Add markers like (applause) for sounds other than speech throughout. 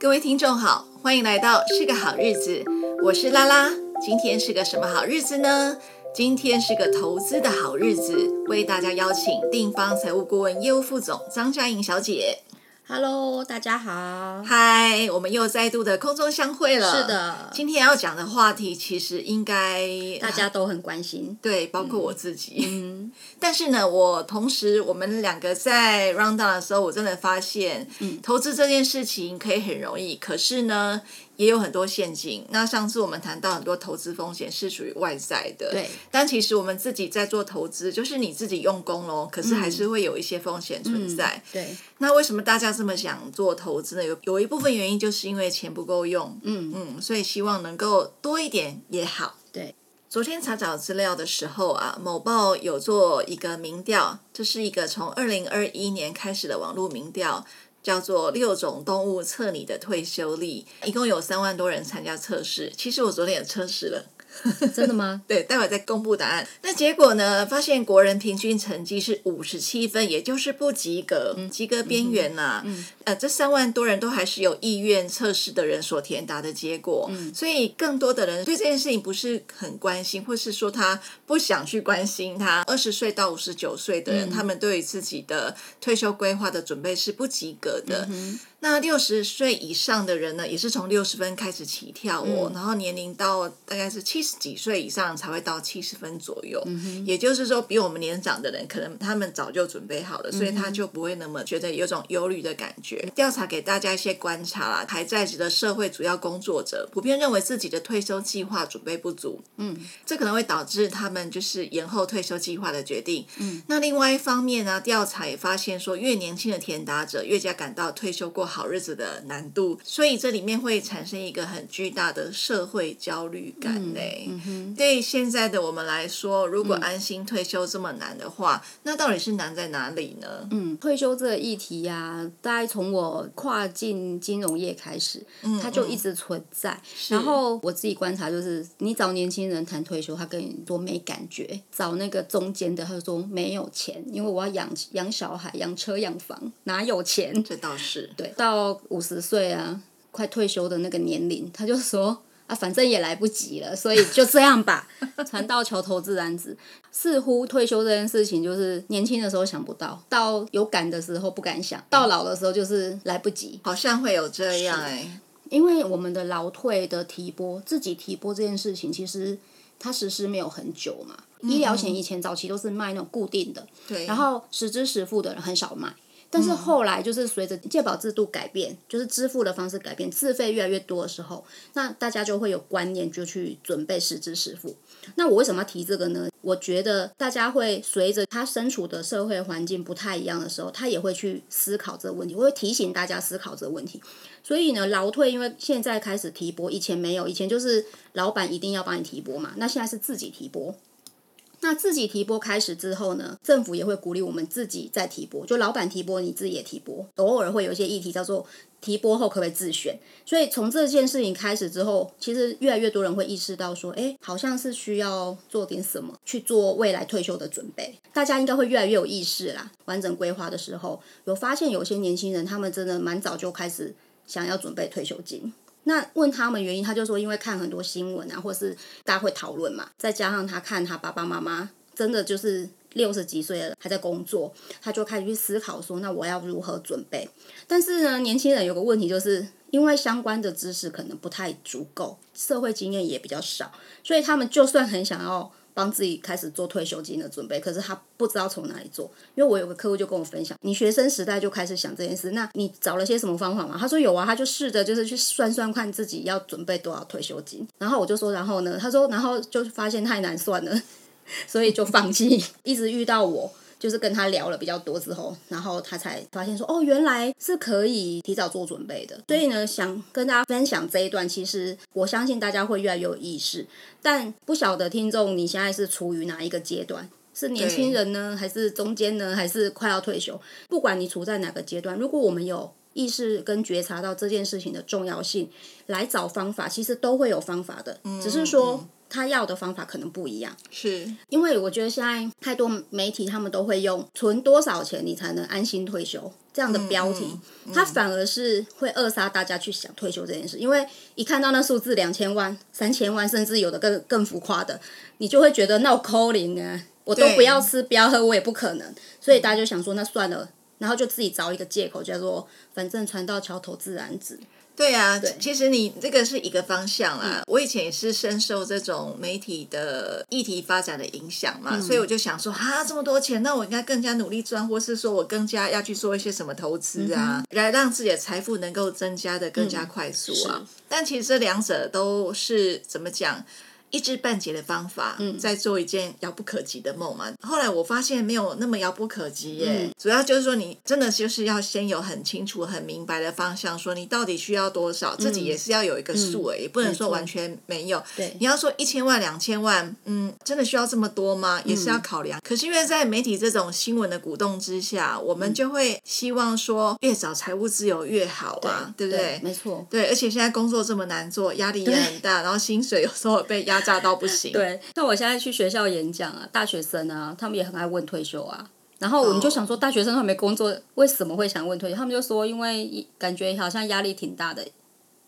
各位聽眾好，歡迎來到是個好日子，我是拉拉。今天是個什麼好日子呢？今天是個投資的好日子，為大家邀請定方財務顧問業務副總張佳瑩小姐。Hello，大家好。嗨，我們又再度的空中相會了。是的，今天要講的話題其實應該大家都很關心。啊，對，包括我自己。嗯，但是呢，我同時我們兩個在 round up 的時候，我真的發現，嗯，投資這件事情可以很容易，可是呢。也有很多陷阱。那上次我們談到很多投資風險是屬於外在的，對。但其實我們自己在做投資，就是你自己用功咯，可是還是會有一些風險存在。嗯嗯、對。那為什麼大家這麼想做投資呢？有有一部分原因就是因為錢不夠用。嗯嗯，所以希望能夠多一點也好。對。昨天查找資料的時候啊，某報有做一個民調，這、就是一個從二零二一年開始的網絡民調。叫做六種動物測你的退休力，一共有三萬多人參加測試。其實我昨天也測試了。真的嗎？ (laughs) 對，待會兒再公布答案。那結果呢？發現國人平均成績是五十七分，也就是不及格，嗯、及格邊緣吶。嗯嗯、呃，這三萬多人都還是有意願測試的人所填答的結果。嗯、所以更多的人對這件事情不是很關心，或是說他不想去關心他。他二十歲到五十九歲的人，嗯、他們對於自己的退休規劃的準備是不及格的。嗯那六十歲以上的人呢，也是從六十分開始起跳哦，嗯、然後年齡到大概是七十幾歲以上才會到七十分左右，嗯、哼也就是說，比我們年長的人，可能他們早就準備好了，所以他就不會那麼覺得有種憂慮的感覺。調、嗯、哼查給大家一些觀察啦、啊，還在職的社會主要工作者普遍認為自己的退休計劃準備不足，嗯，這可能會導致他們就是延後退休計劃的決定。嗯，那另外一方面呢、啊，調查也發現說，越年輕的填答者越加感到退休過好日子的難度，所以這裡面會產生一個很巨大的社會焦慮感、嗯嗯、對現在的我們來說，如果安心退休這麼難的話，嗯、那到底是難在哪裡呢？嗯，退休這個議題呀、啊，大概從我跨進金融業開始，嗯嗯，它就一直存在。是然後我自己觀察，就是你找年輕人談退休，他跟你多沒感覺；找那個中間的，他說沒有錢，因為我要養養小孩、養車、養房，哪有錢？這倒是對。到五十歲啊，快退休的那個年齡，他就說啊，反正也來不及了，所以就這樣吧。船 (laughs) 到橋頭自然直。似乎退休這件事情，就是年輕的時候想不到，到有感的時候不敢想，到老的時候就是來不及。好像會有這樣哎、欸，因為我們的勞退的提撥，自己提撥這件事情，其實它實施沒有很久嘛。嗯、醫療險以前早期都是賣那種固定的，對，然後實支實付的人很少買。但是後來就是隨着健保制度改變，嗯、就是支付的方式改變，自費越來越多的時候，那大家就會有觀念，就去準備實支實付。那我為什麼要提這個呢？我覺得大家會隨着他身處的社會環境不太一樣的時候，他也會去思考這個問題，我會提醒大家思考這個問題。所以呢，勞退因為現在開始提撥，以前沒有，以前就是老闆一定要幫你提撥嘛，那現在是自己提撥。那自己提撥開始之後呢？政府也會鼓勵我們自己再提撥，就老闆提撥，你自己也提撥。偶爾會有一些議題叫做提撥後可不可以自選。所以從這件事情開始之後，其實越來越多人會意識到說，誒、欸，好像是需要做點什麼去做未來退休的準備。大家應該會越來越有意識啦。完整規劃的時候，有發現有些年輕人他們真的蠻早就開始想要準備退休金。那問他們原因，他就說因為看很多新聞啊，或是大家會討論嘛，再加上他看他爸爸媽媽真的就是六十幾歲了還在工作，他就開始去思考說，那我要如何準備？但是呢，年輕人有個問題，就是因為相關的知識可能不太足夠，社會經驗也比較少，所以他們就算很想要。幫自己開始做退休金的準備，可是他不知道從哪裡做。因為我有個客戶就跟我分享，你學生時代就開始想這件事，那你找了些什麼方法嗎？他說有啊，他就試着就是去算算看自己要準備多少退休金。然後我就說，然後呢？他說，然後就發現太難算了，所以就放棄。 (laughs) 一直遇到我。就是跟他聊了比較多之後，然後他才發現說，哦，原來是可以提早做準備的。所以呢，想跟大家分享這一段。其實我相信大家會越來越有意識，但不曉得聽眾你現在是處於哪一個階段？是年輕人呢，對還是中間呢，還是快要退休？不管你處在哪個階段，如果我們有意識跟覺察到這件事情的重要性，來找方法，其實都會有方法的。只是說，嗯，嗯。他要的方法可能不一樣，是因為我覺得現在太多媒體他們都會用存多少錢你才能安心退休這樣的標題，嗯，嗯，他反而是會扼殺大家去想退休這件事，因為一看到那數字兩千萬、三千萬，甚至有的更更浮誇的，你就會覺得那我摳零啊，對 no、calling, 我都不要吃不要喝，我也不可能，所以大家就想說那算了，然後就自己找一個借口，叫做反正船到橋頭自然直。對啊，對，其實你這個是一個方向啦、啊。嗯、我以前也是深受這種媒體的議題發展的影響嘛，嗯、所以我就想說，哈，這麼多錢，那我應該更加努力賺，或是說我更加要去做一些什麼投資啊，嗯、哼來讓自己的財富能夠增加得更加快速啊。嗯、但其實這兩者都是怎麼講？一知半解的方法，嗯、在做一件遙不可及的夢嘛。後來我發現沒有那麼遙不可及耶，嗯、主要就是說你真的就是要先有很清楚、很明白的方向，說你到底需要多少，嗯、自己也是要有一個數、嗯、也不能說完全沒有。對錯，你要說一千萬、兩千萬，嗯，真的需要這麼多嗎？也是要考量。嗯、可是因為在媒體這種新聞的鼓動之下，我們就會希望說越早財務自由越好啊，嗯、對不對？對沒錯，對，而且現在工作這麼難做，壓力也很大，對然後薪水有時候被壓。炸到不行！ (laughs) (laughs) 對，像我現在去學校演講啊，大學生啊，他們也很愛問退休啊。然後我們就想說，大學生還沒工作，為什麼會想問退休？他們就說，因為感覺好像壓力挺大的。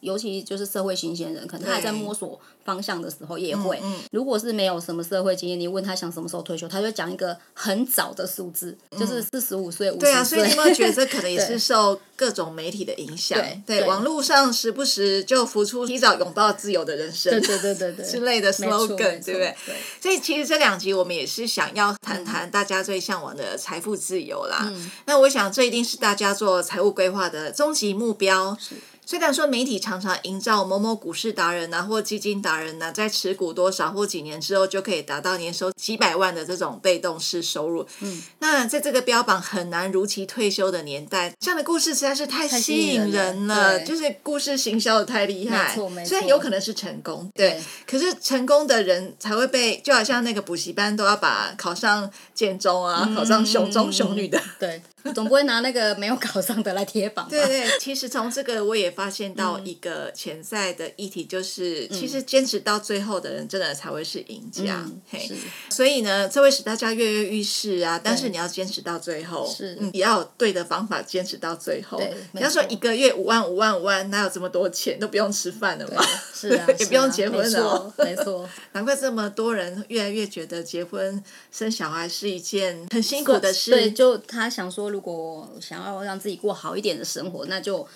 尤其就是社會新鮮人，可能他還在摸索方向的時候，也會。嗯嗯、如果是沒有什麼社會經驗，你問他想什麼時候退休，他就講一個很早的數字，就是四十五歲、五十、嗯、歲。對啊，所以你們覺得這可能也是受各種媒體的影響？對，網絡上時不時就浮出“提早擁抱自由的人生”對對對對，對之類的 slogan，沒錯對不對？對，所以其實這兩集我們也是想要談談大家最向往的財富自由啦。嗯、那我想這一定是大家做財務規劃的終極目標。雖然說媒體常常營造某某股市達人吶、啊，或基金達人吶、啊，在持股多少或幾年之後就可以達到年收幾百萬的這種被動式收入。嗯，那在這個標榜很難如期退休的年代，這樣的故事實在是太吸引人了，人了就是故事行銷得太厲害。沒錯，雖然有可能是成功，對，對可是成功的人才會被，就好像那個補習班都要把考上建中啊，嗯、考上雄中雄女的，嗯、對。總不會拿那個沒有考上的來貼榜吧？對，對對，其實從這個我也發現到一個潛在的議題，就是、嗯、其實堅持到最後的人，真的才會是贏家。嗯、嘿，是所以呢，這會使大家躍躍欲試啊！對但是你要堅持到最後，是嗯，也要有對的方法堅持到最後。你要說一個月五萬、五萬、五萬，哪有這麼多錢？都不用吃飯了嗎？是啊，是啊 (laughs) 也不用結婚了。沒錯，沒難怪這麼多人越來越覺得結婚生小孩是一件很辛苦的事。對，就他想說。如果想要讓自己過好一點的生活，那就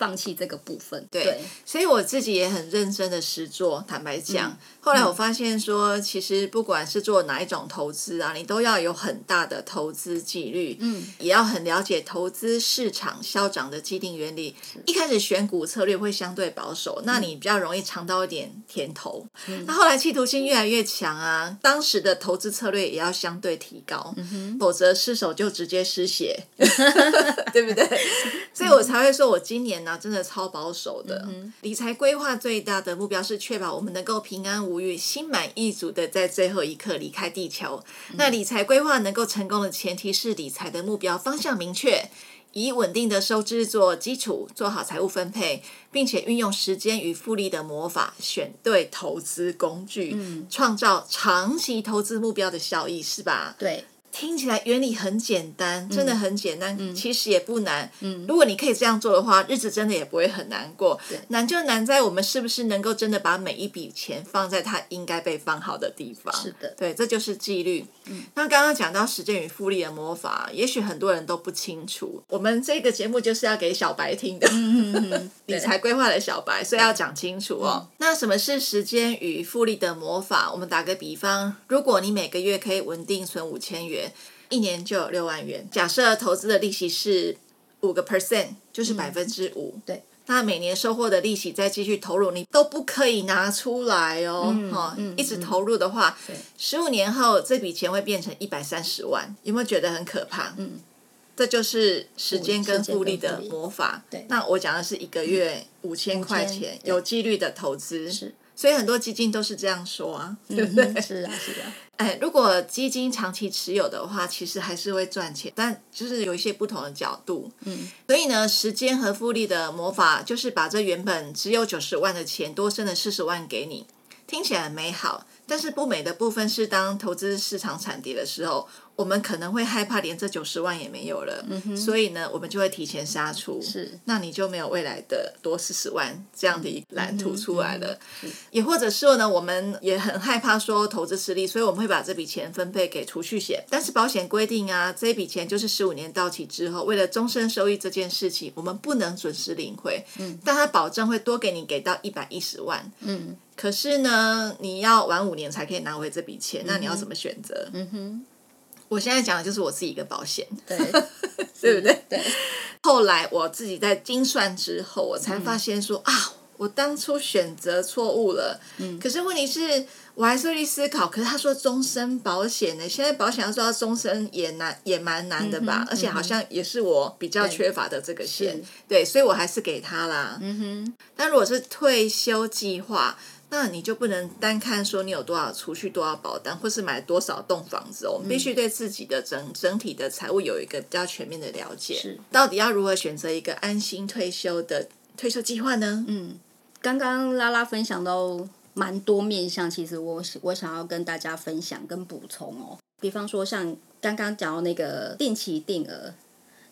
放棄這個部分，對，對，所以我自己也很認真的實作。坦白講，嗯嗯、後來我發現說，其實不管是做哪一種投資啊，你都要有很大的投資紀律，嗯，也要很了解投資市場消長的既定原理。是一開始選股策略會相對保守，嗯、那你比較容易嚐到一點甜頭。嗯、那後來企圖心越來越強啊，當時的投資策略也要相對提高，嗯、哼否則失手就直接失血， (laughs) (laughs) 對不對？嗯、所以我才會說我今年呢、啊。啊，真的超保守的。嗯嗯。理財規劃最大的目標是確保我們能夠平安無虞、心滿意足的在最後一刻離開地球。嗯。那理財規劃能夠成功的前提是理財的目標方向明確，以穩定的收支做基礎，做好財務分配，並且運用時間與複利的魔法，選對投資工具，嗯，創造長期投資目標的效益，是吧？對。聽起來原理很簡單，嗯、真的很簡單，嗯、其實也不難。嗯、如果你可以這樣做的話，日子真的也不會很難過。對難就難在我們是不是能夠真的把每一筆錢放在它應該被放好的地方。是的，對，這就是紀律。嗯、那剛剛講到時間與複利的魔法，也許很多人都不清楚。我們這個節目就是要給小白聽的，嗯嗯嗯，理財規劃的小白，對所以要講清楚哦。嗯、那什麼是時間與複利的魔法？我們打個比方，如果你每個月可以穩定存五千元。一年就有六萬元。假設投資的利息是五個 percent，就是百分之五。對，那每年收穫的利息再繼續投入，你都不可以拿出來哦。嗯嗯、一直投入的話，十五、嗯嗯、年後這筆錢會變成一百三十萬。有沒有覺得很可怕？嗯，這就是時間跟複利的魔法。對，那我講的是一個月五千塊錢，嗯、有紀律的投資所以很多基金都是這樣說啊，對不對？是啊，是啊。哎、嗯，如果基金長期持有的話，其實還是會賺錢，但就是有一些不同的角度。嗯，所以呢，時間和複利的魔法，就是把這原本只有九十萬的錢，多生了四十萬給你，聽起來很美好。但是不美的部分是，當投資市場慘跌的時候，我們可能會害怕連這九十萬也沒有了，嗯、哼所以呢，我們就會提前殺出。是，那你就沒有未來的多四十萬這樣的一藍圖出來了。嗯嗯嗯嗯、也或者說呢，我們也很害怕說投資失利，所以我們會把這筆錢分配給儲蓄險。但是保險規定啊，這筆錢就是十五年到期之後，為了終身收益這件事情，我們不能準時領回。嗯，但他保證會多給你給到一百一十萬。嗯，可是呢，你要晚五年。年才可以拿回這筆錢，嗯、哼那你要怎麼選擇？嗯哼，我現在講的就是我自己一個保險，對， (laughs) 對不對？對。後來我自己在精算之後，我才發現說、嗯、啊，我當初選擇錯誤了。嗯。可是問題是我還是會去思考，可是他說終身保險呢，現在保險要做到終身也難也蠻難的吧？嗯嗯、而且好像也是我比較缺乏的這個險，對，對，所以我還是給他啦。嗯哼。但如果是退休計劃。那你就不能單看說你有多少儲蓄、多少保單，或是買多少棟房子哦。我們、嗯、必須對自己的整整體的財務有一個比較全面的了解。是，到底要如何選擇一個安心退休的退休計劃呢？嗯，剛剛拉拉分享到蠻多面向，其實我我想要跟大家分享跟補充哦。比方說，像剛剛講到那個定期定額，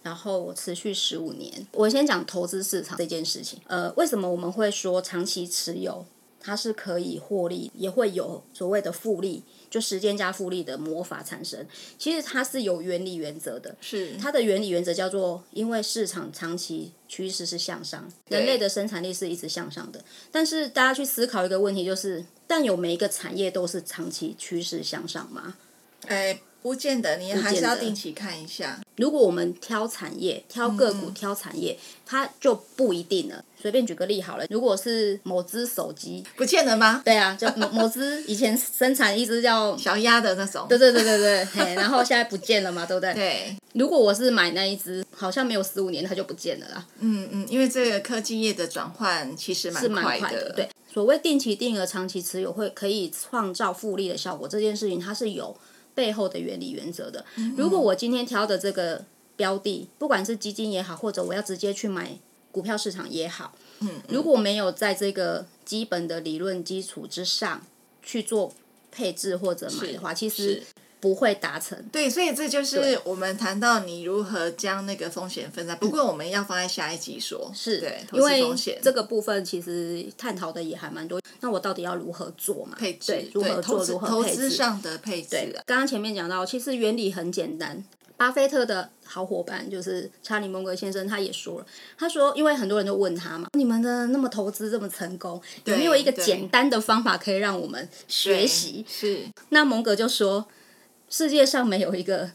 然後持續十五年，我先講投資市場這件事情。呃，為什麼我們會說長期持有？它是可以獲利，也會有所謂的複利，就時間加複利的魔法產生。其實它是有原理原則的，是它的原理原則叫做，因為市場長期趨勢是向上，對人類的生產力是一直向上的。但是大家去思考一個問題，就是，但有每一個產業都是長期趨勢向上嗎？誒、欸。不見得，你還是要定期看一下。如果我們挑產業、嗯、挑個股、嗯、挑產業，它就不一定了。隨便舉個例好了，如果是某隻手機，不見了嗎？對啊，就某某隻 (laughs) 以前生產一隻叫小鴨的那種，對對對對對 (laughs) 嘿，然後現在不見了嘛，對不對？對，如果我是買那一隻，好像沒有十五年，它就不見了啦。嗯嗯，因為這個科技業的轉換其實蠻快的。快的對，所謂定期定額長期持有會可以創造複利的效果，這件事情它是有。背後的原理原則的，如果我今天挑的這個標的，不管是基金也好，或者我要直接去買股票市場也好，嗯，如果沒有在這個基本的理論基礎之上去做配置或者買的話，其實。不會達成對，所以這就是我們談到你如何將那個風險分散。對不過我們要放在下一集說，是對，因為風險這個部分其實探討的也還蠻多。那我到底要如何做嘛？配置對如何做？對投資如何配置上的配置對？剛剛前面講到，其實原理很簡單。巴菲特的好伙伴，就是查理蒙格先生，他也說了，他說，因為很多人都問他嘛，你們的那麼投資這麼成功，對有沒有一個簡單的方法可以讓我們學習？是。那蒙格就說。世界上沒有一個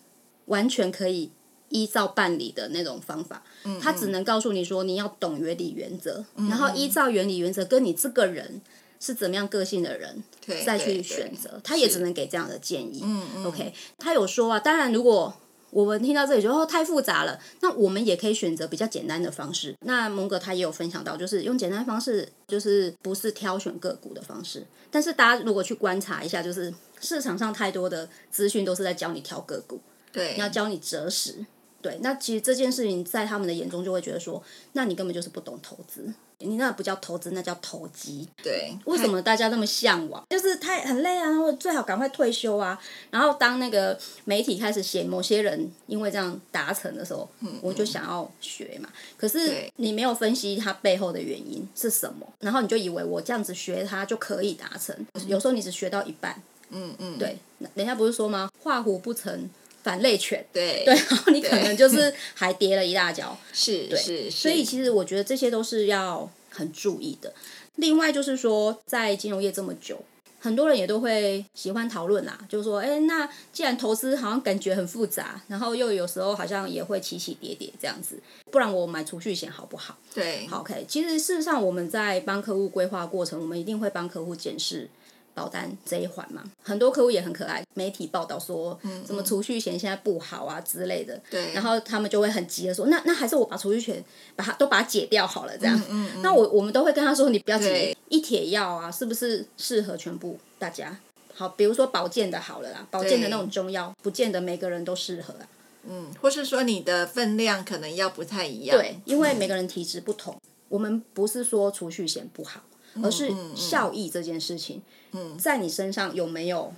完全可以依照辦理的那種方法，嗯嗯他只能告訴你說你要懂原理原則，嗯、然後依照原理原則跟你這個人是怎麼樣個性的人再去選擇，對對對他也只能給這樣的建議。是 OK，他有說啊，當然如果。我們聽到這裡覺得說、哦、太複雜了，那我們也可以選擇比較簡單的方式。那蒙格他也有分享到，就是用簡單的方式，就是不是挑選個股的方式。但是大家如果去觀察一下，就是市場上太多的資訊都是在教你挑個股，對，你要教你擇時，對。那其實這件事情在他們的眼中就會覺得說，那你根本就是不懂投資。你那不叫投資，那叫投機。對，為什麼大家那麼嚮往？太就是太很累啊，我最好趕快退休啊。然後當那個媒體開始寫某些人因為這樣達成的時候，嗯嗯，我就想要學嘛。對可是你沒有分析他背後的原因是什麼，然後你就以為我這樣子學他就可以達成。嗯嗯，有時候你只學到一半。嗯嗯，對。人家不是說嗎？畫虎不成。反類犬，對對，對，然後你可能就是還跌了一大跤，是是對是，對是，所以其實我覺得這些都是要很注意的。另外就是說，在金融業這麼久，很多人也都會喜歡討論啦、啊，就是說，哎，那既然投資好像感覺很複雜，然後又有時候好像也會起起跌跌這樣子，不然我買儲蓄險好不好？對好、okay, 其實事實上，我們在幫客戶規劃過程，我們一定會幫客戶檢視保單這一環嘛，很多客戶也很可愛。媒體報道說，嗯,嗯，什麼儲蓄險現在不好啊之類的，對。然後他們就會很急的說，那那還是我把儲蓄險把它都把它解掉好了，這樣。嗯,嗯,嗯那我我們都會跟他說，你不要急，對一帖藥啊，是不是適合全部大家？好，比如說保健的好了啦，保健的那種中藥，對不見得每個人都適合啊。嗯，或是說你的分量可能要不太一樣，對，對因為每個人體質不同。我們不是說儲蓄險不好。而是效益這件事情，嗯嗯、在你身上有沒有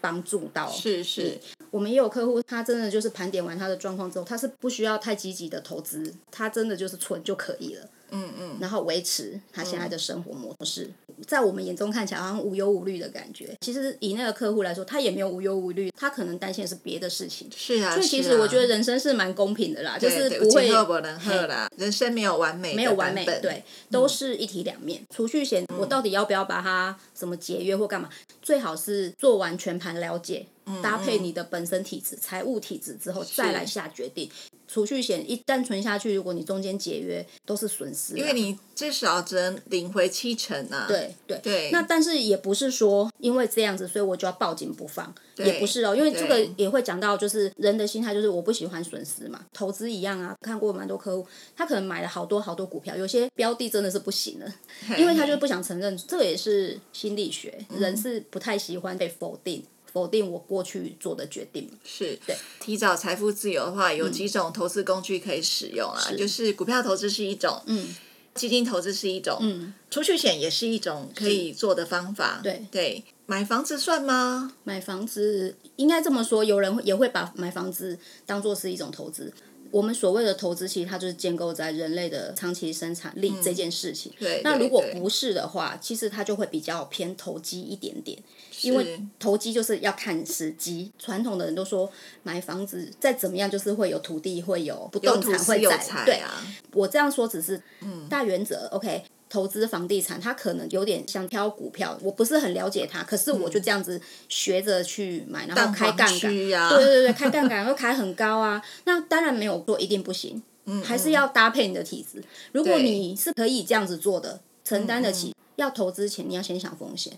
幫助到？是是，是我們也有客戶，他真的就是盤點完他的狀況之後，他是不需要太積極的投資，他真的就是存就可以了。嗯嗯，然後維持他現在的生活模式，嗯、在我們眼中看起來好像無憂無慮的感覺。其實以那個客戶來說，他也沒有無憂無慮，他可能擔心的是別的事情。是啊，所以其實我覺得人生是蠻公平的啦，對就是不會。喝啦，嘿人生沒有完美的，沒有完美，對，嗯、都是一體兩面。儲蓄險，我到底要不要把它什麼解約或幹嘛？嗯、最好是做完全盤了解，嗯嗯，搭配你的本身體質、財務體質之後，再來下決定。儲蓄險一旦存下去，如果你中間解約，都是損失。因為你至少只能領回七成啊。對對對。對對，那但是也不是說因為這樣子，所以我就要抱緊不放。對也不是哦，因為這個也會講到，就是對人的心態，就是我不喜歡損失嘛。投資一樣啊，看過蠻多客戶，他可能買了好多好多股票，有些標的真的是不行了，因為他就是不想承認，嘿這個也是心理學，人是不太喜歡被否定。嗯否定我過去做的決定是對。提早財富自由的話，有幾種投資工具可以使用啊？嗯、就是股票投資是一種，嗯，基金投資是一種，嗯，儲蓄險也是一種可以做的方法。對對，買房子算嗎？買房子應該這麼說，有人也會把買房子當做是一種投資。我們所謂的投資，其實它就是建構在人類的長期生產力這件事情。嗯、對、對、對，那如果不是的話，其實它就會比較偏投機一點點。是因為投機就是要看時機。傳統的人都說買房子再怎麼樣就是會有土地，會有不動產，會有財。對啊，我這樣說只是大原則，嗯，OK。投資房地產，他可能有點像挑股票，我不是很了解他。可是我就這樣子學着去買，嗯、然後開槓桿，啊、對對對，開槓桿會開很高啊。 (laughs) 那當然沒有說一定不行，還是要搭配你的體質。如果你是可以這樣子做的，對承擔得起，嗯嗯，要投資前你要先想風險，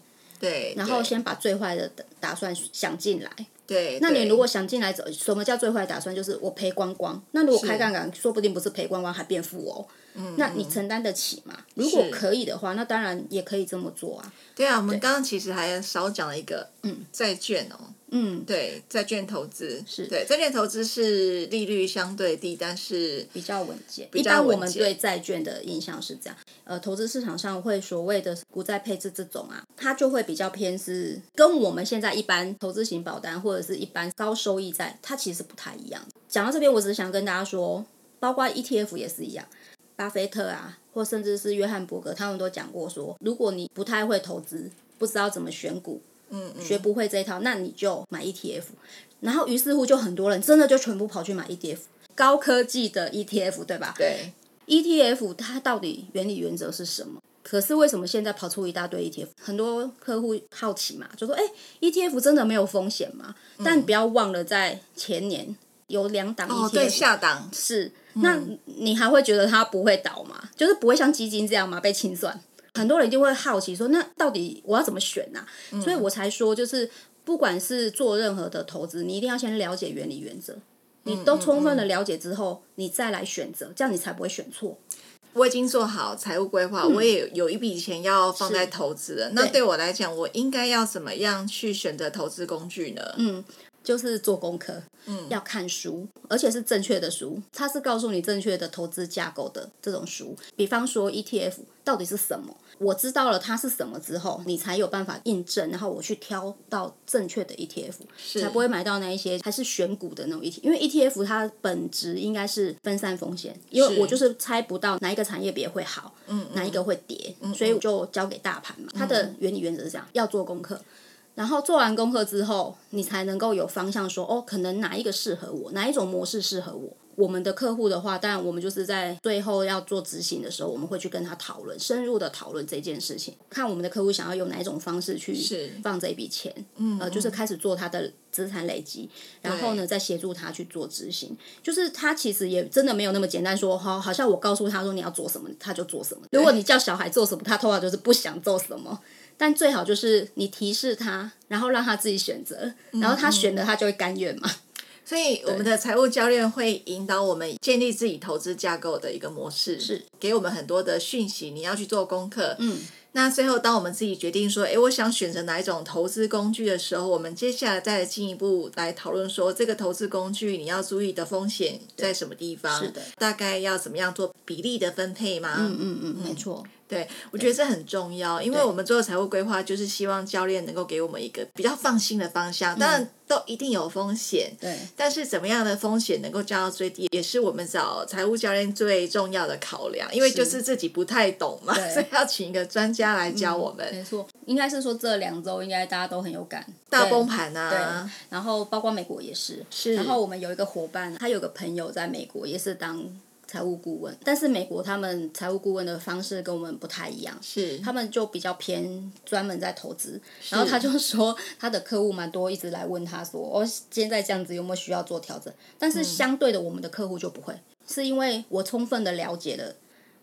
對，然後先把最壞的打算想進來，對，對。那你如果想進來走，怎什麼叫最壞打算？就是我賠光光。那如果開槓桿，是說不定不是賠光光，還變富哦。嗯，那你承擔得起嗎？如果可以的話，是那當然也可以這麼做啊。對啊，我們剛剛其實還少講了一個嗯，債券哦，嗯，對，債券投資是對，債券投資是利率相對低，但是比較穩健。一般我們對債券的印象是這樣，呃，投資市場上會所謂的股債配置這種啊，它就會比較偏是跟我們現在一般投資型保單或者是一般高收益債，它其實不太一樣。講到這邊，我只是想跟大家說，包括 ETF 也是一樣。巴菲特啊，或甚至是約翰伯格，他們都講過說，如果你不太會投資，不知道怎麼選股，嗯，嗯學不會這一套，那你就買 ETF。然後於是乎就很多人真的就全部跑去買 ETF，高科技的 ETF 對吧？對，ETF 它到底原理原則是什麼？可是為什麼現在跑出一大堆 ETF？很多客戶好奇嘛，就說：“哎，ETF 真的沒有風險嗎？”嗯、但不要忘了，在前年有兩檔 ETF 哦，對，下檔是。嗯、那你還會覺得它不會倒嗎？就是不會像基金這樣嗎？被清算。很多人一定會好奇說，那到底我要怎麼選呢、啊？嗯、所以我才說，就是不管是做任何的投資，你一定要先了解原理原則，你都充分的了解之後，嗯嗯嗯、你再來選擇，這樣你才不會選錯。我已經做好財務規劃，嗯、我也有一筆錢要放在投資了是那對我來講，對我應該要怎麼樣去選擇投資工具呢？嗯。就是做功課，嗯，要看書，而且是正確的書。它是告訴你正確的投資架構的這種書。比方說，ETF 到底是什麼？我知道了它是什麼之後，你才有辦法印證。然後我去挑到正確的 ETF，是才不會買到那一些還是選股的那種 ETF。因為 ETF 它本質應該是分散風險，是因為我就是猜不到哪一個產業別會好，嗯嗯，哪一個會跌，嗯嗯，所以我就交給大盤嘛。它的原理原則是這樣，嗯，要做功課。然後做完功課之後，你才能夠有方向說哦，可能哪一個適合我，哪一種模式適合我。我們的客戶的話，當然我們就是在最後要做執行的時候，我們會去跟他討論，深入的討論這件事情，看我們的客戶想要用哪一種方式去放這筆錢，是呃、嗯，就是開始做他的資產累積，然後呢對再協助他去做執行。就是他其實也真的沒有那麼簡單說哈，好像我告訴他說你要做什麼，他就做什麼。對如果你叫小孩做什麼，他通常就是不想做什麼。但最好就是你提示他，然後讓他自己選擇，嗯、然後他選了他就會甘願嘛。所以我們的財務教練會引導我們建立自己投資架構的一個模式，是給我們很多的訊息，你要去做功課。嗯，那最後當我們自己決定說，誒，我想選擇哪一種投資工具的時候，我們接下來再來進一步來討論說，這個投資工具你要注意的風險在什麼地方？是的，大概要怎麼樣做比例的分配嗎？嗯嗯嗯，沒錯。對，我覺得這很重要，對因為我們做的財務規劃，就是希望教練能夠給我們一個比較放心的方向。對當然，都一定有風險，對。但是，怎麼樣的風險能夠降到最低，也是我們找財務教練最重要的考量。因為就是自己不太懂嘛，對所以要請一個專家來教我們。嗯。沒錯，應該是說這兩周應該大家都很有感，大崩盤啊。對，對。然後，包括美國也是。是。然後，我們有一個夥伴，他有個朋友在美國也是當。財務顧問，但是美國他們財務顧問的方式跟我們不太一樣，是他們就比較偏專門在投資，是然後他就說他的客戶蠻多，一直來問他說，哦，現在這樣子有沒有需要做調整？但是相對的我們的客戶就不會，嗯、是因為我充分的了解了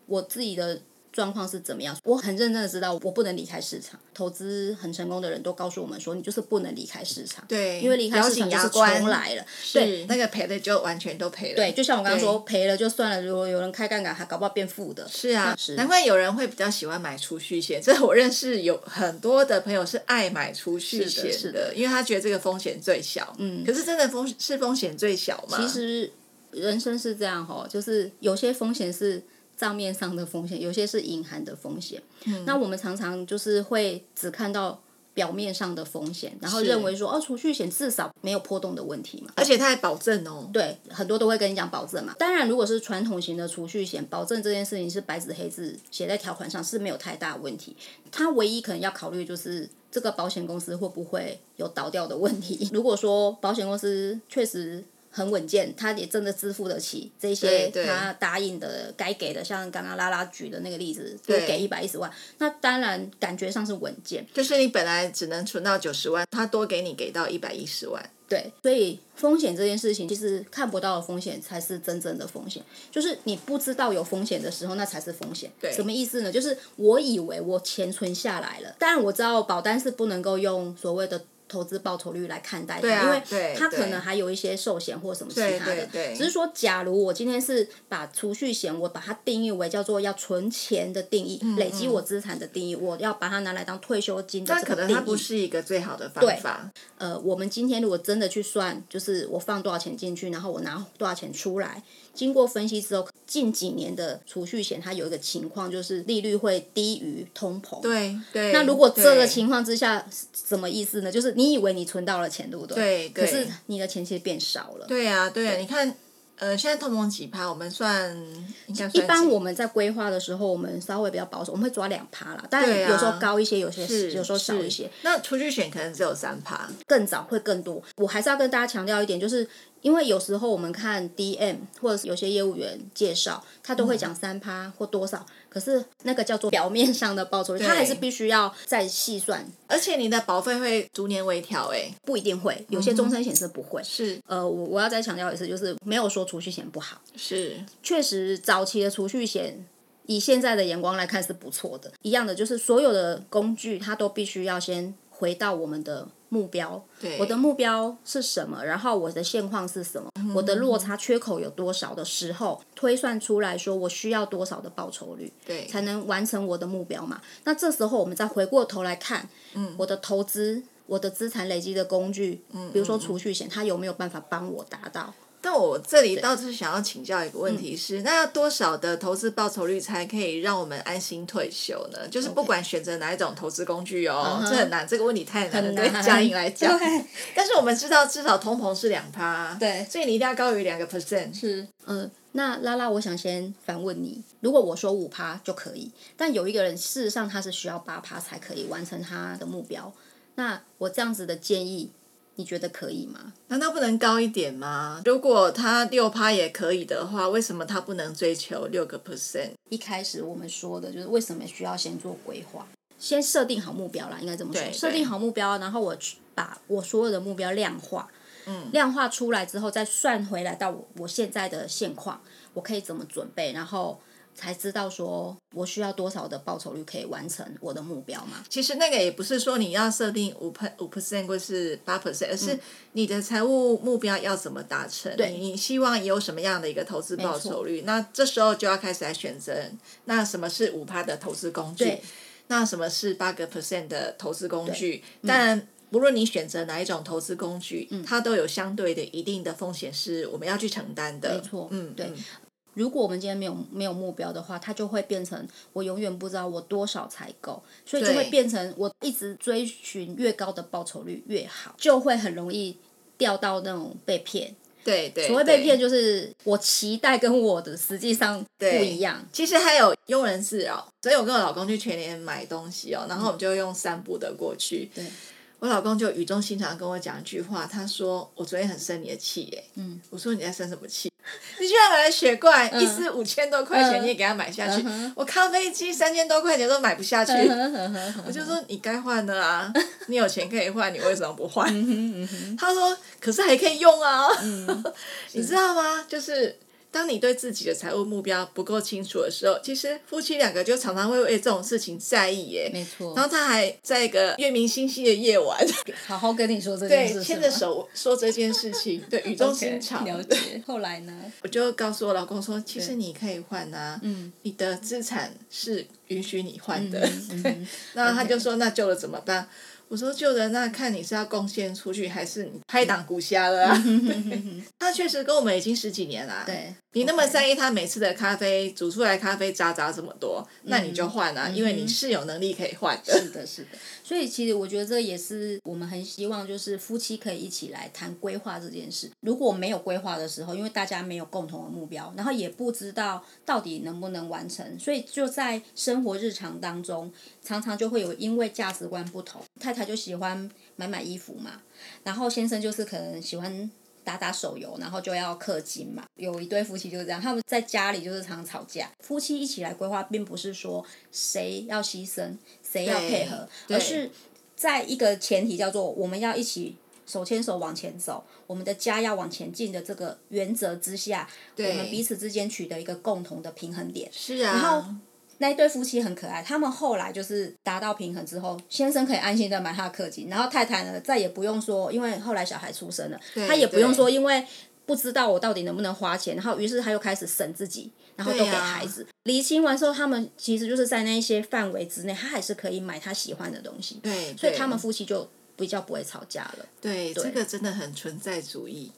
我自己的。狀況是怎麼樣？我很認真的知道，我不能離開市場。投資很成功的人都告訴我們說，你就是不能離開市場。對，因為離開市場就是重來了。了對，是那個賠的就完全都賠了。對，就像我剛剛說，賠對了就算了。如果有人開槓桿，還搞不好變負的。是啊，是。難怪有人會比較喜歡買儲蓄險。這我認識有很多的朋友是愛買儲蓄險的，是的，是的。因為他覺得這個風險最小。嗯，可是真的風是風險最小嘛。其實人生是這樣哈，就是有些風險是。賬面上的風險，有些是隱含的風險。嗯、那我們常常就是會只看到表面上的風險，然後認為說是哦，儲蓄險至少沒有波動的問題嘛，而且它還保證哦，對，很多都會跟你講保證嘛。當然，如果是傳統型的儲蓄險，保證這件事情是白紙黑字寫在條款上，是沒有太大的問題。它唯一可能要考慮就是這個保險公司會不會有倒掉的問題。如果說保險公司確實很穩健，他也真的支付得起這些他答應的，對對該給的，像剛剛拉拉舉的那個例子，對多給一百一十萬，那當然感覺上是穩健。就是你本來只能存到九十萬，他多給你給到一百一十萬。對，所以風險這件事情，其實看不到的風險才是真正的風險。就是你不知道有風險的時候，那才是風險。對，什麼意思呢？就是我以為我錢存下來了，但我知道保單是不能夠用所謂的。投資報酬率來看待他，對啊，因為它可能還有一些壽險或什麼其他的。對對對對，只是說，假如我今天是把儲蓄險，我把它定義為叫做要存錢的定義，嗯嗯，累積我資產的定義，我要把它拿來當退休金的這個定義。但可能它不是一個最好的方法。對，呃，我們今天如果真的去算，就是我放多少錢進去，然後我拿多少錢出來。經過分析之後，近幾年的儲蓄險它有一個情況，就是利率會低於通膨。對對。對，那如果這個情況之下，對什麼意思呢？就是你以為你存到了錢，對不對？對。對，可是你的錢其實變少了。對呀、啊、對呀、啊，對你看，呃，現在通膨幾趴？我們算，算一般我們在規劃的時候，我們稍微比較保守，我們會抓兩趴啦。但有時候高一些，有些有時候少一些。那儲蓄險可能只有三趴。更早會更多。我還是要跟大家強調一點，就是。因為有時候我們看 DM 或者是有些業務員介紹，他都會講三趴或多少，嗯、可是那個叫做表面上的報酬，對他還是必須要再細算。而且你的保費會逐年微調，哎，不一定會，有些終身險是不會。嗯、是，呃，我我要再強調一次，就是沒有說儲蓄險不好。是，確實早期的儲蓄險以現在的眼光來看是不錯的。一樣的，就是所有的工具，它都必須要先回到我們的。目標，對，我的目標是什麼？然後我的現況是什麼？嗯嗯嗯嗯，我的落差缺口有多少的時候，推算出來說我需要多少的報酬率，對，才能完成我的目標嘛？那這時候我們再回過頭來看，嗯，我，我的投資，我的資產累積的工具，嗯，嗯，嗯，比如說儲蓄險，它有沒有辦法幫我達到？那我這裡倒是想要請教一個問題是，嗯、那要多少的投資報酬率才可以讓我們安心退休呢？嗯、就是不管選擇哪一種投資工具哦，嗯、這很難，嗯、這個問題太難了，難對佳瑩來講。對但是我們知道，至少通膨是兩趴，對，所以你一定要高於兩個 percent。是，嗯、呃，那拉拉，我想先反問你，如果我說五趴就可以，但有一個人事實上他是需要八趴才可以完成他的目標，那我這樣子的建議？你覺得可以嗎？難道不能高一點嗎？如果他六趴也可以的話，為什麼他不能追求六個 percent？一開始我們說的就是為什麼需要先做規劃，先設定好目標啦，應該怎麼說。對設定好目標，然後我去把我所有的目標量化，嗯對，量化出來之後再算回來到我我現在的現況，我可以怎麼準備，然後。才知道說我需要多少的報酬率可以完成我的目標嘛。其實那個也不是說你要設定五五 percent 或是八 percent，而是你的財務目標要怎麼達成？你對你希望有什麼樣的一個投資報酬率？錯那這時候就要開始來選擇。那什麼是五趴的投資工具？對那什麼是八個 percent 的投資工具？嗯、但不論你選擇哪一種投資工具，嗯、它都有相對的一定的風險是我們要去承擔的。沒錯，嗯，對。如果我們今天沒有沒有目標的話，它就會變成我永遠不知道我多少才夠，所以就會變成我一直追尋越高的報酬率越好，就會很容易掉到那種被騙。對對，對，所謂被騙就是我期待跟我的實際上不一樣。其實還有庸人自擾、哦，所以我跟我老公去全年買東西哦，然後我們就用散步的過去。對我老公就語重心長跟我講一句話，他說：“我昨天很生你的氣、欸，耶。」嗯，我說你在生什麼氣？你居然買了雪怪，嗯、一支五千多塊錢你也給他買下去，嗯嗯、我咖啡機三千多塊錢都買不下去，我就說你該換的啊，嗯、你有錢可以換，你為什麼不換？他說、嗯，可是還可以用啊， (laughs) 嗯、你知道嗎？就是。”當你對自己的財務目標不夠清楚的時候，其實夫妻兩個就常常會為這種事情在意耶。沒錯。然後他還在一個月明星稀的夜晚，好好跟你說這件事。對，牽着手說這件事情。對，語重心長。了解。後來呢？我就告訴我老公說，其實你可以換啊，你的資產是允許你換的。嗯。那他就說：“那舊了怎麼辦？”我說：“舊的那看你是要貢獻出去，還是你拍檔股瞎了？”他確實跟我們已經十幾年了啊。對。你那麼在意，他每次的咖啡 Okay. 煮出來咖啡渣渣這麼多，那你就換啊，嗯、因為你是有能力可以換的。是的，是的。所以其實我覺得這也是我們很希望，就是夫妻可以一起來談規劃這件事。如果沒有規劃的時候，因為大家沒有共同的目標，然後也不知道到底能不能完成，所以就在生活日常當中，常常就會有因為價值觀不同。太太就喜歡買買衣服嘛，然後先生就是可能喜歡打打手遊，然後就要氪金嘛。有一對夫妻就是這樣，他們在家裡就是常常吵架。夫妻一起來規劃，並不是說誰要犧牲，誰要配合，而是在一個前提叫做我們要一起手牽手往前走，我們的家要往前進的這個原則之下，對我們彼此之間取得一個共同的平衡點。是啊，然後。那一對夫妻很可愛，他們後來就是達到平衡之後，先生可以安心的買他的課金，然後太太呢，再也不用說，因為後來小孩出生了，他對也不用說，因為不知道我到底能不能花錢，然後於是他又開始省自己，然後都給孩子。理、啊、清完之後，他們其實就是在那一些範圍之內，他還是可以買他喜歡的東西，對，所以他們夫妻就比較不會吵架了。對，對對，這個真的很存在主義。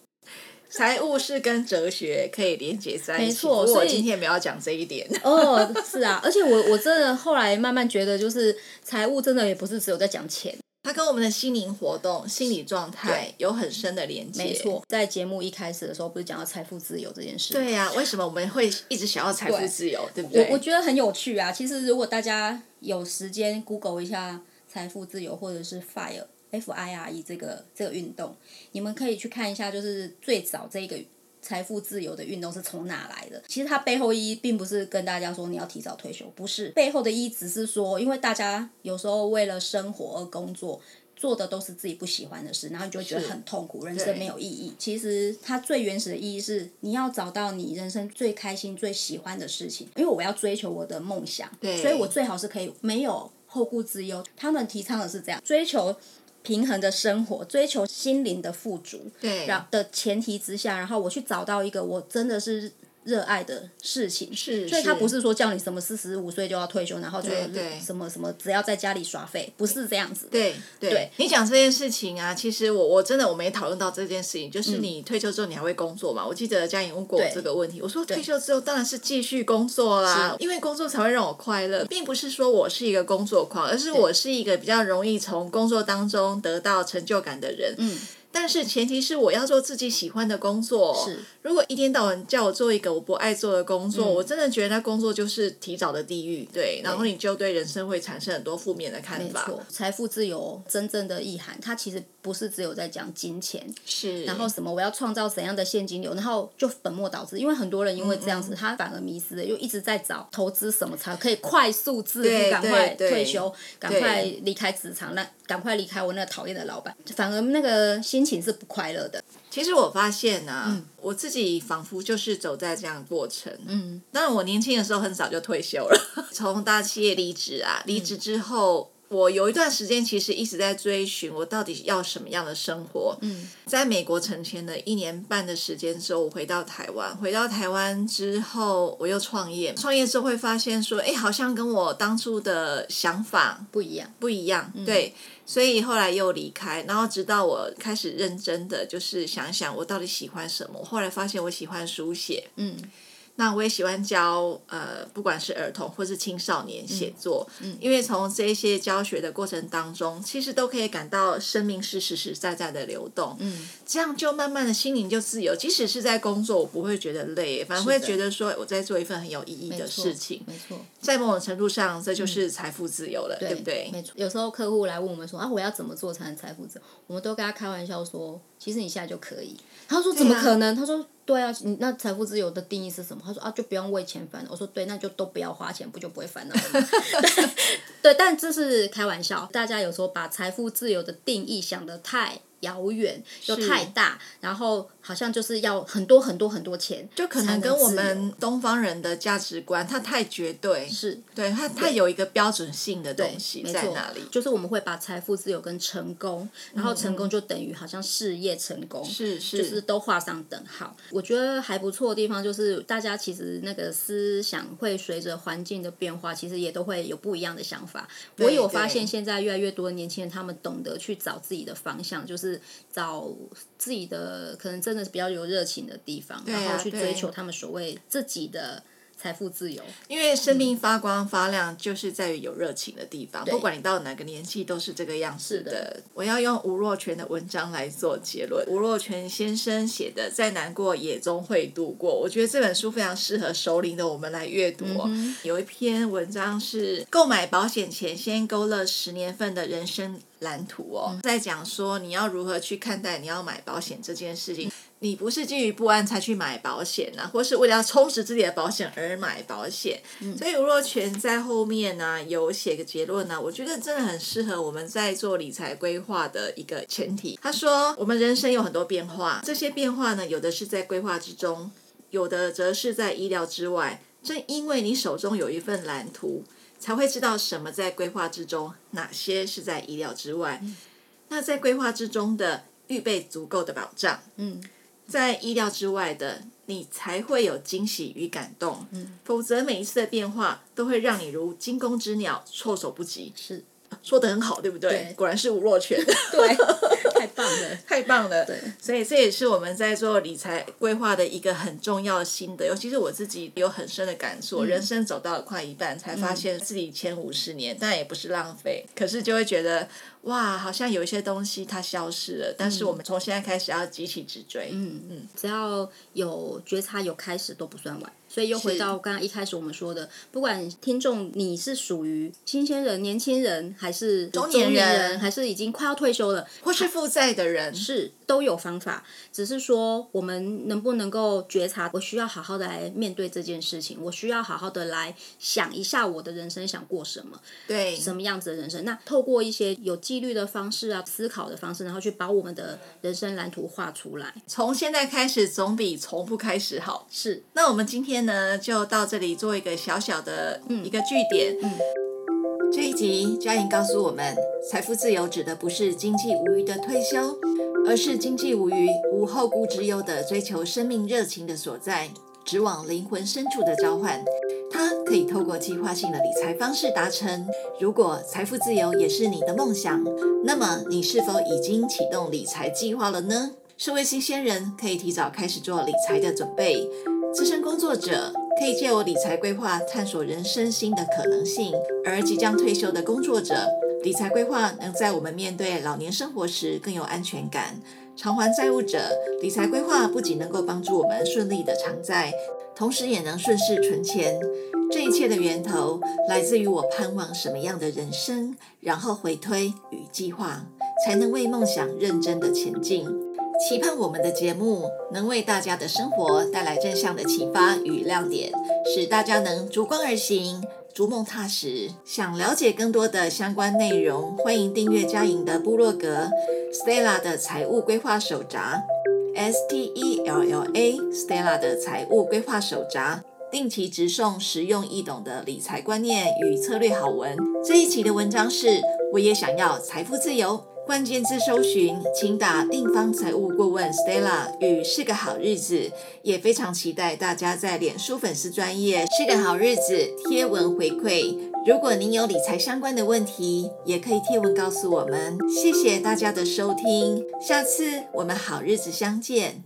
財務是跟哲學可以連接在一起，沒錯，所以我今天沒有要講這一點。哦，是啊，而且我我真的後來慢慢覺得，就是財務真的也不是只有在講錢，它跟我們的心靈活動、心理狀態有很深的連接。沒錯，在節目一開始的時候，不是講到財富自由這件事？對呀、啊，為什麼我們會一直想要財富自由？對，對不對？我我覺得很有趣啊。其實如果大家有時間，Google 一下財富自由或者是 Fire。FIRE 這個這個運動，你們可以去看一下，就是最早這個財富自由的運動是從哪來的？其實它背後意義並不是跟大家說你要提早退休，不是背後的意義只是說，因為大家有時候為了生活而工作，做的都是自己不喜歡的事，然後你就會覺得很痛苦，是人生沒有意義。對其實它最原始的意義是，你要找到你人生最開心、最喜歡的事情。因為我要追求我的夢想，嗯、所以我最好是可以沒有後顧之憂。他們提倡的是這樣追求平衡的生活，追求心靈的富足，對，然的前提之下，對然後我去找到一個我真的是熱愛的事情，是是，所以他不是說叫你什麼四十五歲就要退休，然後就什麼什麼，只要在家裡耍廢，不是這樣子。對。對，對，對你講這件事情啊，其實我我真的我沒討論到這件事情，就是你退休之後你還會工作嘛？嗯、我記得佳瑩問過我這個問題，對我說退休之後當然是繼續工作啦，對因為工作才會讓我快樂，並不是說我是一個工作狂，而是我是一個比較容易從工作當中得到成就感的人。對嗯。但是前提是我要做自己喜歡的工作。是，如果一天到晚叫我做一個我不愛做的工作，嗯、我真的覺得那工作就是提早的地獄。對，對然後你就對人生會產生很多負面的看法。沒錯，財富自由真正的意涵，它其實不是只有在講金錢，是，然後什麼我要創造怎樣的現金流，然後就本末倒置。因為很多人因為這樣子，嗯嗯他反而迷失了，又一直在找投資什麼才可以快速自由，趕對快退休，趕快離開職場，那趕對快離開我那個討厭的老闆，反而那個心。是不快樂的。其實我發現啊，嗯、我自己仿佛就是走在這樣的過程。嗯，但我年輕的時候很早就退休了， (laughs) 從大企業離職啊，離職之後。嗯我有一段時間其實一直在追尋，我到底要什麼樣的生活。嗯，在美國成前的一年半的時間之後，我回到台灣。回到台灣之後，我又創業，創業之後會發現說，哎、欸，好像跟我當初的想法不一樣，不一樣。一樣嗯、對，所以後來又離開。然後直到我開始認真的就是想想我到底喜歡什麼。我後來發現我喜歡書寫。嗯。那我也喜歡教，呃，不管是兒童或是青少年寫作，嗯，因為從這些教學的過程當中，其實都可以感到生命是實實在在的流動。嗯，這樣就慢慢的心靈就自由。即使是在工作，我不會覺得累，反而會覺得說我在做一份很有意義的事情。沒錯，沒錯，在某種程度上，這就是財富自由了，嗯，對不對？對，沒錯。有時候客戶來問我們說，啊，我要怎麼做才能財富自由？我們都跟他開玩笑說，其實你現在就可以。他說：「怎麼可能？」嗯、他說：「對啊，那財富自由的定義是什麼？」他說：「啊，就不用為錢煩惱。」我說：「對，那就都不要花錢，不就不會煩惱了嗎？」 (laughs) (laughs) 對，但這是開玩笑。大家有時候把財富自由的定義想得太……遙遠又太大，是然後好像就是要很多很多很多錢，就可能跟我們東方人的價值觀，它太絕對，是對他他對有一個標準性的東西在哪裡，沒錯。就是我們會把財富自由跟成功，然後成功就等於好像事業成功，是、嗯、就是都畫上等號。是是我覺得還不錯的地方就是，大家其實那個思想會隨着環境的變化，其實也都會有不一樣的想法。我有發現現在越來越多的年輕人，他們懂得去找自己的方向，就是。找自己的可能真的是比較有熱情的地方，對啊、對，然後去追求他們所謂自己的。財富自由，因為生命發光發亮，就是在於有熱情的地方。嗯、不管你到哪個年紀，都是這個樣子的。是的，我要用吳若權的文章來做結論。吳若權先生寫的《再難過也終會度過》，我覺得這本書非常適合熟齡的我們來閱讀哦。嗯嗯，有一篇文章是購買保險前，先勾勒十年份的人生藍圖哦，在、嗯、講說你要如何去看待你要買保險這件事情。嗯你不是基於不安才去買保險呢、啊，或是為了要充實自己的保險而買保險。嗯、所以吳若權在後面呢、啊、有寫個結論呢、啊，我覺得真的很適合我們在做理財規劃的一個前提。他說，我們人生有很多變化，這些變化呢，有的是在規劃之中，有的則是在意料之外。正因為你手中有一份藍圖，才會知道什麼在規劃之中，哪些是在意料之外。嗯、那在規劃之中的預備足夠的保障，嗯。在意料之外的，你才會有驚喜與感動；嗯、否則，每一次的變化都會讓你如驚弓之鳥，措手不及。是，說得很好，對不對？對，果然是吳若權。對， (laughs) 太棒了，太棒了。對，所以這也是我們在做理財規劃的一個很重要的心得。尤其是我自己有很深的感受，嗯、人生走到了快一半，才發現自己前五十年，嗯、但也不是浪費。可是就會覺得。哇，好像有一些東西它消失了，但是我們從現在開始要急起直追。嗯嗯，嗯，只要有覺察，有開始都不算晚。所以又回到剛剛一開始我們說的，是不管聽眾你是屬於新鮮人、年輕人，還是中年人，年人還是已經快要退休了，或是負債的人，啊、是都有方法。只是說我們能不能夠覺察，我需要好好的來面對這件事情，我需要好好的來想一下我的人生想過什麼，對，什麼樣子的人生？那透過一些有計規律的方式啊，思考的方式，然後去把我們的人生藍圖畫出來，從現在開始，總比從不開始好。是，那我們今天呢，就到這裡做一個小小的、嗯、一個句點。嗯、這一集佳瑩告訴我們，財富自由指的不是經濟無虞的退休，而是經濟無虞無後顧之憂的追求生命熱情的所在，直往靈魂深處的召喚。它可以透過計劃性的理財方式達成。如果財富自由也是你的夢想，那麼你是否已經啟動理財計劃了呢？社會新鮮人，可以提早開始做理財的準備；資深工作者可以藉由理財規劃，探索人生新的可能性。而即將退休的工作者，理財規劃能在我們面對老年生活時更有安全感。償還債務者，理財規劃不僅能夠幫助我們順利的償債。同時也能順勢存錢。這一切的源頭來自於我盼望什麼樣的人生，然後回推與計劃，才能為夢想認真地前進。期盼我們的節目能為大家的生活帶來正向的啟發與亮點，使大家能逐光而行，逐夢踏實。想了解更多的相關內容，歡迎訂閱佳瑩的部落格，Stella 的財務規劃手札。S, S T E L L A Stella 的財務規劃手札，定期直送實用易懂的理財觀念與策略好文。這一期的文章是，我也想要財富自由。關鍵字搜尋，請打定方財務顧問 Stella 與是個好日子，也非常期待大家在臉書粉絲專頁是個好日子貼文回饋。如果您有理財相關的問題，也可以貼文告訴我們。謝謝大家的收聽，下次我們好日子相見。